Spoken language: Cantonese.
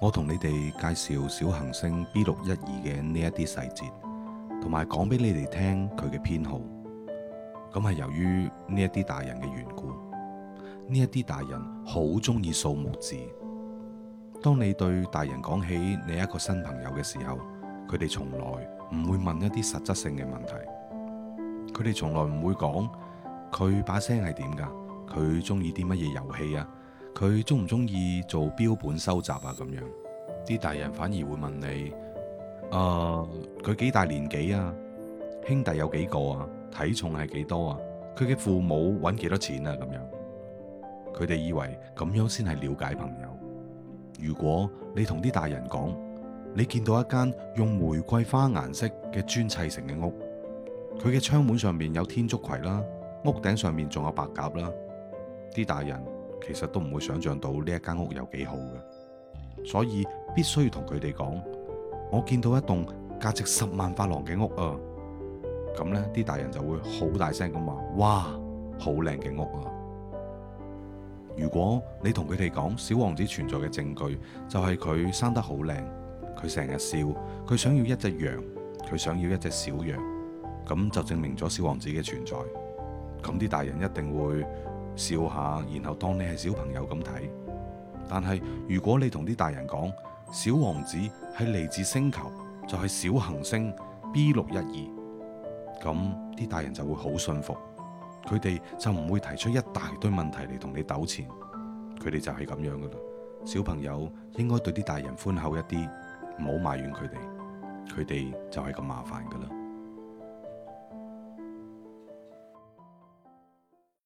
我同你哋介紹小行星 B 六一二嘅呢一啲細節，同埋講俾你哋聽佢嘅編號。咁係由於呢一啲大人嘅緣故，呢一啲大人好中意數目字。當你對大人講起你一個新朋友嘅時候，佢哋從來唔會問一啲實質性嘅問題。佢哋從來唔會講佢把聲係點噶，佢中意啲乜嘢遊戲啊？佢中唔中意做標本收集啊？咁樣啲大人反而會問你：誒、呃，佢幾大年紀啊？兄弟有幾個啊？體重係幾多啊？佢嘅父母搵幾多錢啊？咁樣，佢哋以為咁樣先係了解朋友。如果你同啲大人講，你見到一間用玫瑰花顏色嘅磚砌成嘅屋，佢嘅窗門上面有天竺葵啦，屋頂上面仲有白鴿啦，啲大人。其實都唔會想象到呢一間屋有幾好嘅，所以必須要同佢哋講。我見到一棟價值十萬法郎嘅屋啊，咁呢啲大人就會好大聲咁話：哇，好靚嘅屋啊！如果你同佢哋講小王子存在嘅證據就係佢生得好靚，佢成日笑，佢想要一隻羊，佢想要一隻小羊，咁就證明咗小王子嘅存在。咁啲大人一定會。笑下，然後當你係小朋友咁睇。但係如果你同啲大人講小王子係嚟自星球，就係、是、小行星 B 六一二，咁啲大人就會好信服，佢哋就唔會提出一大堆問題嚟同你糾纏。佢哋就係咁樣噶啦。小朋友應該對啲大人寬厚一啲，唔好埋怨佢哋，佢哋就係咁麻煩噶啦。